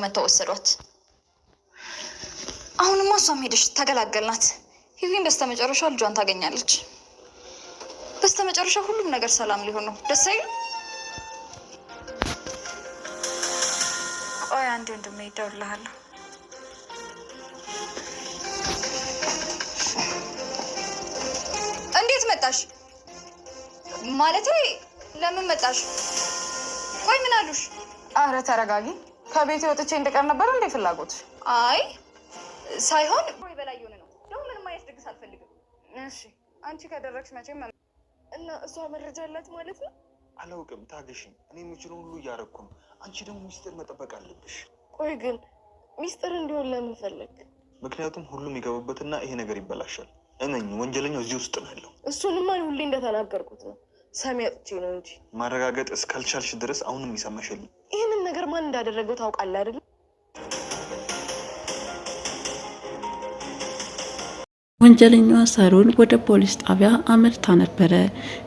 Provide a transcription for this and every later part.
ይዘው መጥተው ወሰዷት። አሁንማ እሷም ሄደች ተገላገልናት። በስተ በስተመጨረሻ ልጇን ታገኛለች። በስተመጨረሻ ሁሉም ነገር ሰላም ሊሆን ነው። ደስ አይልም? ቆይ አንድ ወንድሜ ይደውልልሃለሁ። እንዴት መጣሽ? ማለት ለምን መጣሽ? ቆይ ምን አሉሽ? አረ ተረጋጊ። ከቤት ወጥቼ እንደቀር ነበር እንዴ ፍላጎት? አይ ሳይሆን ወይ በላይ የሆነ ነው። ደግሞ ምንም አይነት ድግስ አልፈልግም። እሺ አንቺ ከደረግሽ መቼም እና እሷ መረጃ አላት ማለት ነው። አላውቅም። ታገሽኝ፣ እኔ የምችለውን ሁሉ እያረግኩ ነው። አንቺ ደግሞ ሚስጥር መጠበቅ አለብሽ። ቆይ ግን ሚስጥር እንዲሆን ለምን ፈለግ? ምክንያቱም ሁሉም ይገባበትና ይሄ ነገር ይበላሻል። እነኝ ወንጀለኛው እዚህ ውስጥ ነው ያለው። እሱንማ ሁሌ እንደተናገርኩት ነው ሰሚ አጥቼ ነው እንጂ ማረጋገጥ እስካልቻልሽ ድረስ አሁንም ይሰማሻል። ይህን ምን እንዳደረገው ታውቃለህ አይደለም? ወንጀለኛዋ ሳሮን ወደ ፖሊስ ጣቢያ አመርታ ነበረ።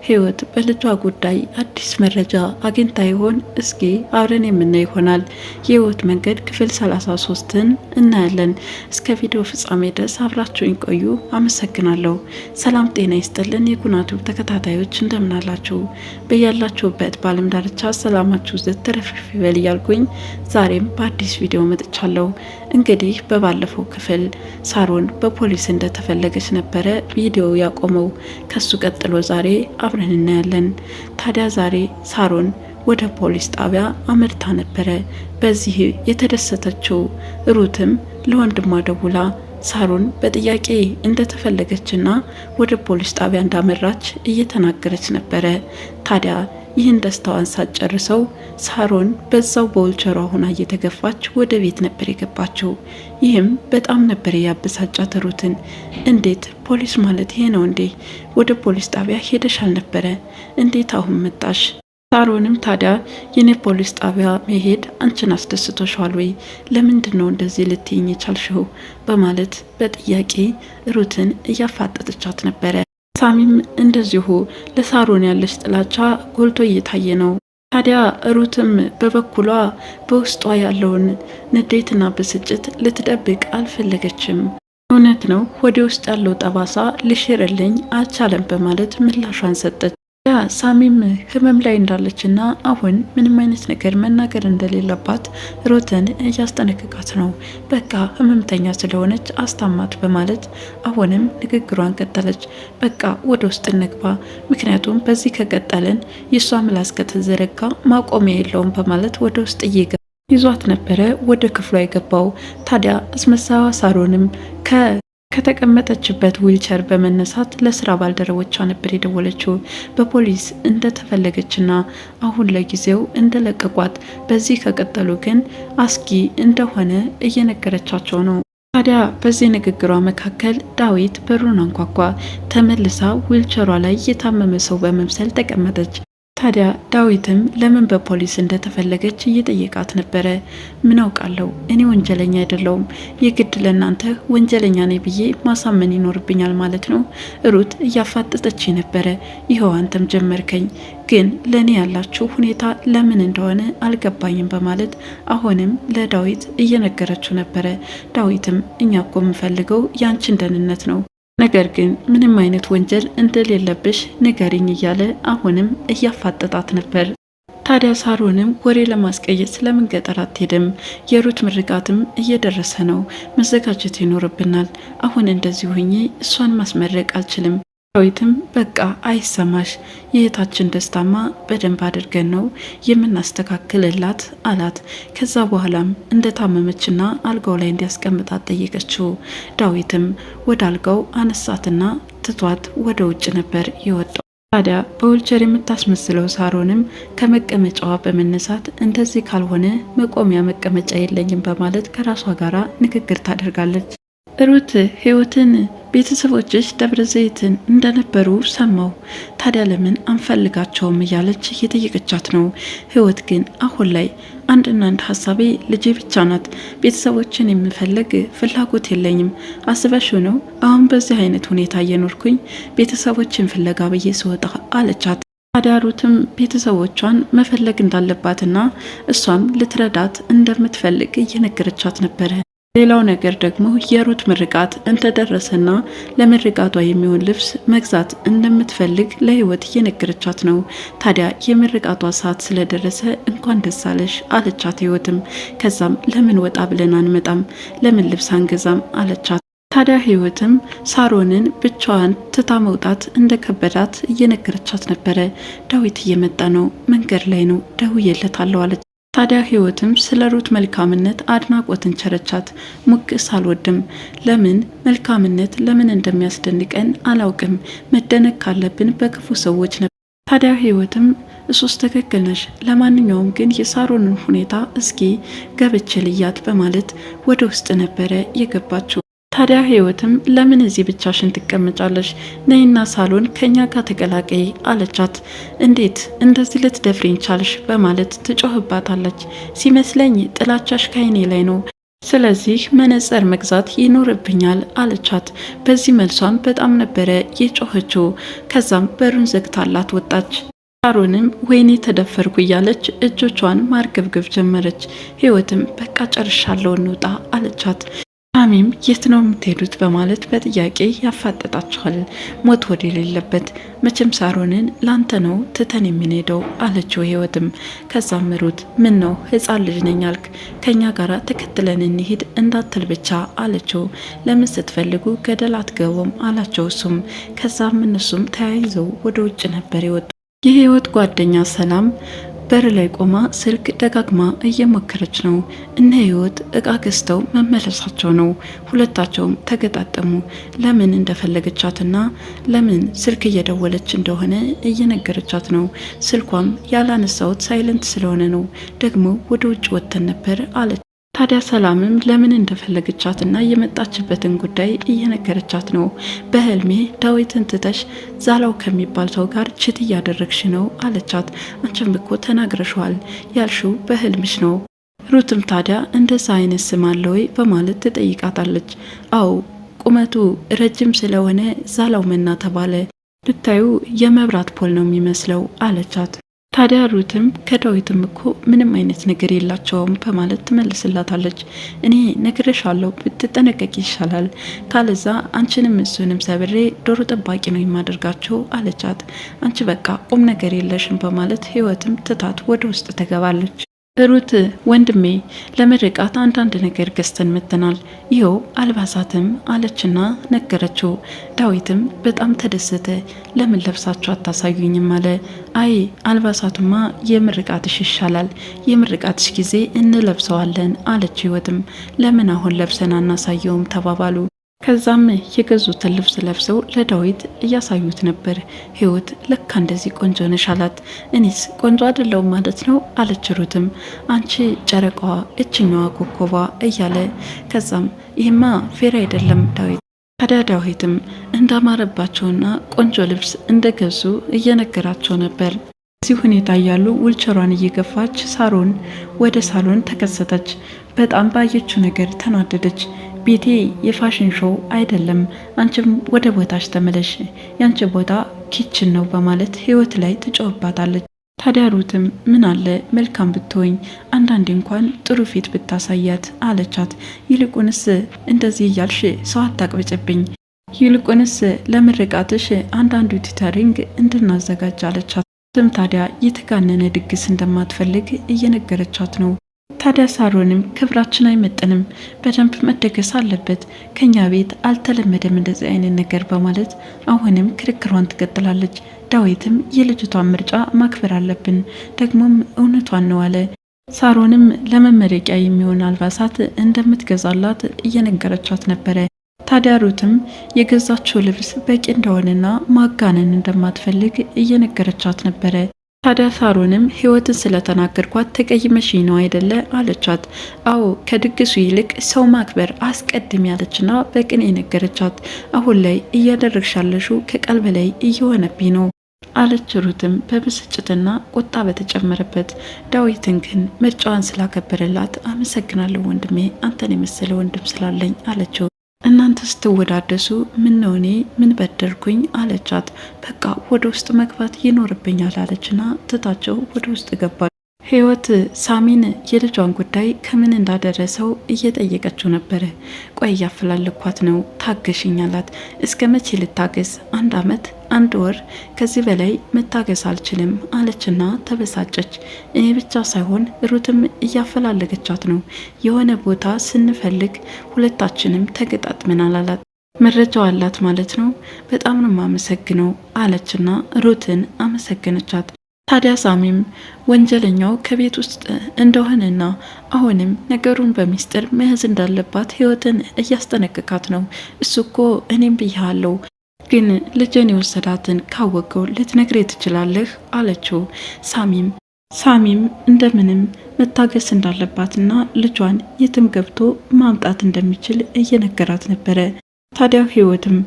ህይወት በልጇ ጉዳይ አዲስ መረጃ አግኝታ ይሆን? እስኪ አብረን የምናይ ይሆናል። የህይወት መንገድ ክፍል 33ን እናያለን። እስከ ቪዲዮ ፍጻሜ ድረስ አብራችሁኝ ቆዩ። አመሰግናለሁ። ሰላም ጤና ይስጥልን። የኩናቱ ተከታታዮች እንደምናላችሁ በያላችሁበት በአለም ዳርቻ ሰላማችሁ ዝት ተረፍርፍ ይበል እያልኩኝ ዛሬም በአዲስ ቪዲዮ መጥቻለሁ። እንግዲህ በባለፈው ክፍል ሳሮን በፖሊስ እንደተፈለ እየፈለገች ነበረ ቪዲዮ ያቆመው። ከሱ ቀጥሎ ዛሬ አብረን እናያለን። ታዲያ ዛሬ ሳሮን ወደ ፖሊስ ጣቢያ አመርታ ነበረ። በዚህ የተደሰተችው ሩትም ለወንድሟ ደውላ ሳሮን በጥያቄ እንደተፈለገችና ወደ ፖሊስ ጣቢያ እንዳመራች እየተናገረች ነበረ ታዲያ ይህን ደስታዋን ሳትጨርሰው ሳሮን በዛው በወልቸሯ ሆና እየተገፋች ወደ ቤት ነበር የገባችው። ይህም በጣም ነበር ያበሳጫት ሩትን። እንዴት ፖሊስ ማለት ይሄ ነው እንዴ? ወደ ፖሊስ ጣቢያ ሄደሽ አልነበረ? እንዴት አሁን መጣሽ? ሳሮንም ታዲያ የኔ ፖሊስ ጣቢያ መሄድ አንቺን አስደስቶሻል ወይ? ለምንድን ነው እንደዚህ ልትይኝ የቻልሽው? በማለት በጥያቄ ሩትን እያፋጠጥቻት ነበረ። ሳሚም እንደዚሁ ለሳሮን ያለች ጥላቻ ጎልቶ እየታየ ነው። ታዲያ ሩትም በበኩሏ በውስጧ ያለውን ንዴትና ብስጭት ልትደብቅ አልፈለገችም። እውነት ነው ወደ ውስጥ ያለው ጠባሳ ልሽርልኝ አልቻለም በማለት ምላሿን ሰጠች። ያ ሳሚም ህመም ላይ እንዳለች እና አሁን ምንም አይነት ነገር መናገር እንደሌለባት ሮተን እያስጠነቅቃት ነው። በቃ ህመምተኛ ስለሆነች አስታማት በማለት አሁንም ንግግሯን ቀጠለች። በቃ ወደ ውስጥ እንግባ፣ ምክንያቱም በዚህ ከቀጠልን የእሷ ምላስ ከተዘረጋ ማቆሚያ የለውም በማለት ወደ ውስጥ እየገ ይዟት ነበረ። ወደ ክፍሏ የገባው ታዲያ አስመሳዋ ሳሮንም ከ ከተቀመጠችበት ዊልቸር በመነሳት ለስራ ባልደረቦቿ ነበር የደወለችው። በፖሊስ እንደተፈለገችና አሁን ለጊዜው እንደለቀቋት፣ በዚህ ከቀጠሉ ግን አስጊ እንደሆነ እየነገረቻቸው ነው። ታዲያ በዚህ ንግግሯ መካከል ዳዊት በሩን አንኳኳ። ተመልሳ ዊልቸሯ ላይ የታመመ ሰው በመምሰል ተቀመጠች። ታዲያ ዳዊትም ለምን በፖሊስ እንደተፈለገች እየጠየቃት ነበረ። ምን አውቃለሁ እኔ ወንጀለኛ አይደለውም፣ የግድ ለእናንተ ወንጀለኛ ነኝ ብዬ ማሳመን ይኖርብኛል ማለት ነው። ሩት እያፋጠጠች ነበረ። ይኸው አንተም ጀመርከኝ፣ ግን ለእኔ ያላችሁ ሁኔታ ለምን እንደሆነ አልገባኝም በማለት አሁንም ለዳዊት እየነገረችው ነበረ። ዳዊትም እኛ እኮ የምፈልገው ያንቺን ደህንነት ነው ነገር ግን ምንም አይነት ወንጀል እንደሌለብሽ ንገሪኝ እያለ አሁንም እያፋጠጣት ነበር። ታዲያ ሳሮንም ወሬ ለማስቀየጥ ስለምን ገጠር አትሄድም? የሩት ምርቃትም እየደረሰ ነው፣ መዘጋጀት ይኖርብናል። አሁን እንደዚህ ሆኜ እሷን ማስመረቅ አልችልም። ዳዊትም በቃ አይሰማሽ፣ የእህታችን ደስታማ በደንብ አድርገን ነው የምናስተካክልላት አላት። ከዛ በኋላም እንደታመመችና አልጋው ላይ እንዲያስቀምጣት ጠየቀችው። ዳዊትም ወደ አልጋው አነሳትና ትቷት ወደ ውጭ ነበር የወጣው። ታዲያ በውልቸር የምታስመስለው ሳሮንም ከመቀመጫዋ በመነሳት እንደዚህ ካልሆነ መቆሚያ መቀመጫ የለኝም በማለት ከራሷ ጋራ ንግግር ታደርጋለች። ሩት ህይወትን ቤተሰቦችሽ ደብረ ዘይትን እንደነበሩ ሰማው። ታዲያ ለምን አንፈልጋቸውም እያለች እየጠየቀቻት ነው። ህይወት ግን አሁን ላይ አንድና አንድ ሀሳቤ ልጄ ብቻ ናት። ቤተሰቦችን የምፈልግ ፍላጎት የለኝም። አስበሽው ነው አሁን በዚህ አይነት ሁኔታ እየኖርኩኝ ቤተሰቦችን ፍለጋ ብዬ ስወጣ አለቻት። ታዲያ ሩትም ቤተሰቦቿን መፈለግ እንዳለባትና እሷም ልትረዳት እንደምትፈልግ እየነገረቻት ነበረ። ሌላው ነገር ደግሞ የሩት ምርቃት እንደደረሰና ለምርቃቷ የሚሆን ልብስ መግዛት እንደምትፈልግ ለህይወት እየነገረቻት ነው። ታዲያ የምርቃቷ ሰዓት ስለደረሰ እንኳን ደስ አለሽ አለቻት ህይወትም። ከዛም ለምን ወጣ ብለን አንመጣም፣ ለምን ልብስ አንገዛም አለቻት። ታዲያ ህይወትም ሳሮንን ብቻዋን ትታ መውጣት እንደከበዳት እየነገረቻት ነበረ። ዳዊት እየመጣ ነው፣ መንገድ ላይ ነው፣ ደውዬለታለሁ አለች። ታዲያ ህይወትም ስለ ሩት መልካምነት አድናቆትን ቸረቻት። ሙቅስ አልወድም። ለምን መልካምነት ለምን እንደሚያስደንቀን አላውቅም። መደነቅ ካለብን በክፉ ሰዎች ነበር። ታዲያ ህይወትም እሱስ ትክክል ነሽ፣ ለማንኛውም ግን የሳሮንን ሁኔታ እስኪ ገብቼ ልያት በማለት ወደ ውስጥ ነበረ የገባችው። ታዲያ ህይወትም ለምን እዚህ ብቻሽን ትቀመጫለሽ? ነይና ሳሎን ከኛ ጋር ተቀላቀይ አለቻት። እንዴት እንደዚህ ልትደፍሪኝ ቻልሽ? በማለት ትጮህባታለች። ሲመስለኝ ጥላቻሽ ከዓይኔ ላይ ነው፣ ስለዚህ መነጽር መግዛት ይኖርብኛል አለቻት። በዚህ መልሷም በጣም ነበረ የጮኸችው። ከዛም በሩን ዘግታላት ወጣች። ሳሮንም ወይኔ ተደፈርኩ እያለች እጆቿን ማርገብገብ ጀመረች። ህይወትም በቃ ጨርሻለሁ እንውጣ አለቻት። አሚም የት ነው የምትሄዱት በማለት በጥያቄ ያፋጠጣችኋል። ሞት ወደ የሌለበት መቼም ሳሮንን ላንተ ነው ትተን የምንሄደው አለችው ህይወትም። ከዛም ሩት ምን ነው ህፃን ልጅ ነኝ አልክ ከኛ ጋራ ተከትለን እንሂድ እንዳትል ብቻ አለችው። ለምን ስትፈልጉ ገደል አትገቡም አላቸው እሱም። ከዛም እነሱም ተያይዘው ወደ ውጭ ነበር የወጡ የህይወት ጓደኛ ሰላም በር ላይ ቆማ ስልክ ደጋግማ እየሞከረች ነው። እነ ህይወት እቃ ገዝተው መመለሳቸው ነው። ሁለታቸውም ተገጣጠሙ። ለምን እንደፈለገቻትና ለምን ስልክ እየደወለች እንደሆነ እየነገረቻት ነው። ስልኳም ያላነሳውት ሳይለንት ስለሆነ ነው፣ ደግሞ ወደ ውጭ ወጥተን ነበር አለች። ታዲያ ሰላምም ለምን እንደፈለገቻትና የመጣችበትን ጉዳይ እየነገረቻት ነው። በህልሜ ዳዊትን ትተሽ ዛላው ከሚባል ሰው ጋር ችት እያደረግሽ ነው አለቻት። አንቺም እኮ ተናግረሸዋል ያልሽው በህልምሽ ነው። ሩትም ታዲያ እንደዛ አይነት ስም አለ ወይ በማለት ትጠይቃታለች። አው! ቁመቱ ረጅም ስለሆነ ዛላው መና ተባለ። ልታዩ የመብራት ፖል ነው የሚመስለው አለቻት። ታዲያ ሩትም ከዳዊትም እኮ ምንም አይነት ነገር የላቸውም በማለት ትመልስላታለች። እኔ ነግሬሻለሁ ብትጠነቀቅ ይሻላል፣ ካለዛ አንቺንም እሱንም ሰብሬ ዶሮ ጠባቂ ነው የማደርጋቸው አለቻት። አንቺ በቃ ቁም ነገር የለሽም በማለት ህይወትም ትታት ወደ ውስጥ ትገባለች። ሩት ወንድሜ ለምርቃት አንዳንድ ነገር ገዝተን መጥተናል፣ ይኸው አልባሳትም አለችና ነገረችው። ዳዊትም በጣም ተደሰተ። ለምን ለብሳችሁ አታሳዩኝም አለ። አይ አልባሳቱማ የምርቃትሽ ይሻላል፣ የምርቃትሽ ጊዜ እንለብሰዋለን አለች። ህይወትም ለምን አሁን ለብሰን አናሳየውም ተባባሉ። ከዛም የገዙትን ልብስ ለብሰው ለዳዊት እያሳዩት ነበር። ህይወት ለካ እንደዚህ ቆንጆ ነሽ አላት። እኔስ ቆንጆ አይደለውም ማለት ነው አለችሩትም አንቺ ጨረቃዋ፣ እችኛዋ ኮከቧ እያለ ከዛም ይህማ ፌር አይደለም ዳዊት ታዲያ ዳዊትም እንዳማረባቸውና ቆንጆ ልብስ እንደገዙ እየነገራቸው ነበር። እዚህ ሁኔታ እያሉ ውልቸሯን እየገፋች ሳሮን ወደ ሳሎን ተከሰተች። በጣም ባየችው ነገር ተናደደች። ቤቴ የፋሽን ሾው አይደለም፣ አንቺም ወደ ቦታሽ ተመለሽ፣ ያንቺ ቦታ ኪችን ነው በማለት ህይወት ላይ ትጮህባታለች። ታዲያ ሩትም ምን አለ መልካም ብትሆኝ አንዳንዴ እንኳን ጥሩ ፊት ብታሳያት አለቻት። ይልቁንስ እንደዚህ እያልሽ ሰው አታቅብጭብኝ፣ ይልቁንስ ለምርቃትሽ አንዳንዱ ቲተሪንግ እንድናዘጋጅ አለቻት። ትም ታዲያ የተጋነነ ድግስ እንደማትፈልግ እየነገረቻት ነው። ታዲያ ሳሮንም ክብራችን አይመጥንም፣ በደንብ መደገስ አለበት፣ ከኛ ቤት አልተለመደም እንደዚህ አይነት ነገር በማለት አሁንም ክርክሯን ትቀጥላለች። ዳዊትም የልጅቷን ምርጫ ማክበር አለብን፣ ደግሞም እውነቷን ነው አለ። ሳሮንም ለመመረቂያ የሚሆን አልባሳት እንደምትገዛላት እየነገረቻት ነበረ። ታዲያ ሩትም የገዛችው ልብስ በቂ እንደሆነና ማጋነን እንደማትፈልግ እየነገረቻት ነበረ። ታዲያ ሳሮንም ህይወትን ስለተናገርኳት ተቀይመሽኝ ነው አይደለ አለቻት። አዎ ከድግሱ ይልቅ ሰው ማክበር አስቀድም ያለችና በቅን የነገረቻት አሁን ላይ እያደረግሻለሹ ከቀልብ ላይ እየሆነብኝ ነው አለች ሩትም በብስጭትና ቁጣ በተጨመረበት። ዳዊትን ግን ምርጫዋን ስላከበረላት አመሰግናለሁ ወንድሜ፣ አንተን የመሰለ ወንድም ስላለኝ አለችው። ስትወዳደሱ ምን ነው እኔ ምን በደርኩኝ አለቻት። በቃ ወደ ውስጥ መግባት ይኖርብኛል አለችና ትታቸው ወደ ውስጥ ገባ። ህይወት ሳሚን የልጇን ጉዳይ ከምን እንዳደረሰው እየጠየቀችው ነበረ። ቆይ እያፈላለኳት ነው፣ ታገሽኝ አላት። እስከ መቼ ልታገስ? አንድ አመት፣ አንድ ወር፣ ከዚህ በላይ መታገስ አልችልም አለችና ተበሳጨች። እኔ ብቻ ሳይሆን ሩትም እያፈላለገቻት ነው። የሆነ ቦታ ስንፈልግ ሁለታችንም ተገጣጥመናል አላት። መረጃው አላት ማለት ነው። በጣም ነው የማመሰግነው አለችና ሩትን አመሰገነቻት። ታዲያ ሳሚም ወንጀለኛው ከቤት ውስጥ እንደሆነና አሁንም ነገሩን በሚስጥር መያዝ እንዳለባት ህይወትን እያስጠነቅቃት ነው። እሱ እኮ እኔም ብያሃለው፣ ግን ልጅን የወሰዳትን ካወቀው ልትነግሬ ትችላለህ አለችው። ሳሚም ሳሚም እንደምንም መታገስ እንዳለባትና ልጇን የትም ገብቶ ማምጣት እንደሚችል እየነገራት ነበረ። ታዲያ ህይወትም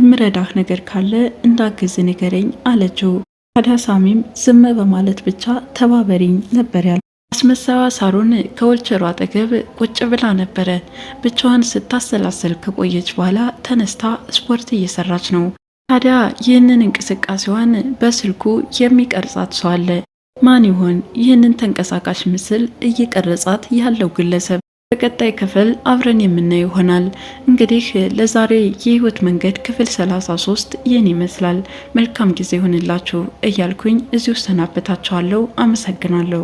እምረዳህ ነገር ካለ እንዳግዝ ንገረኝ አለችው። ታዲያ ሳሚም ዝም በማለት ብቻ ተባበሪኝ ነበር ያለ። አስመሳዋ ሳሮን ከወልቸሯ አጠገብ ቁጭ ብላ ነበረ። ብቻዋን ስታሰላሰል ከቆየች በኋላ ተነስታ ስፖርት እየሰራች ነው። ታዲያ ይህንን እንቅስቃሴዋን በስልኩ የሚቀርጻት ሰው አለ። ማን ይሆን ይህንን ተንቀሳቃሽ ምስል እየቀረጻት ያለው ግለሰብ? በቀጣይ ክፍል አብረን የምናየው ይሆናል። እንግዲህ ለዛሬ የህይወት መንገድ ክፍል 33 ይህን ይመስላል። መልካም ጊዜ ይሆንላችሁ እያልኩኝ እዚሁ እሰናበታችኋለሁ። አመሰግናለሁ።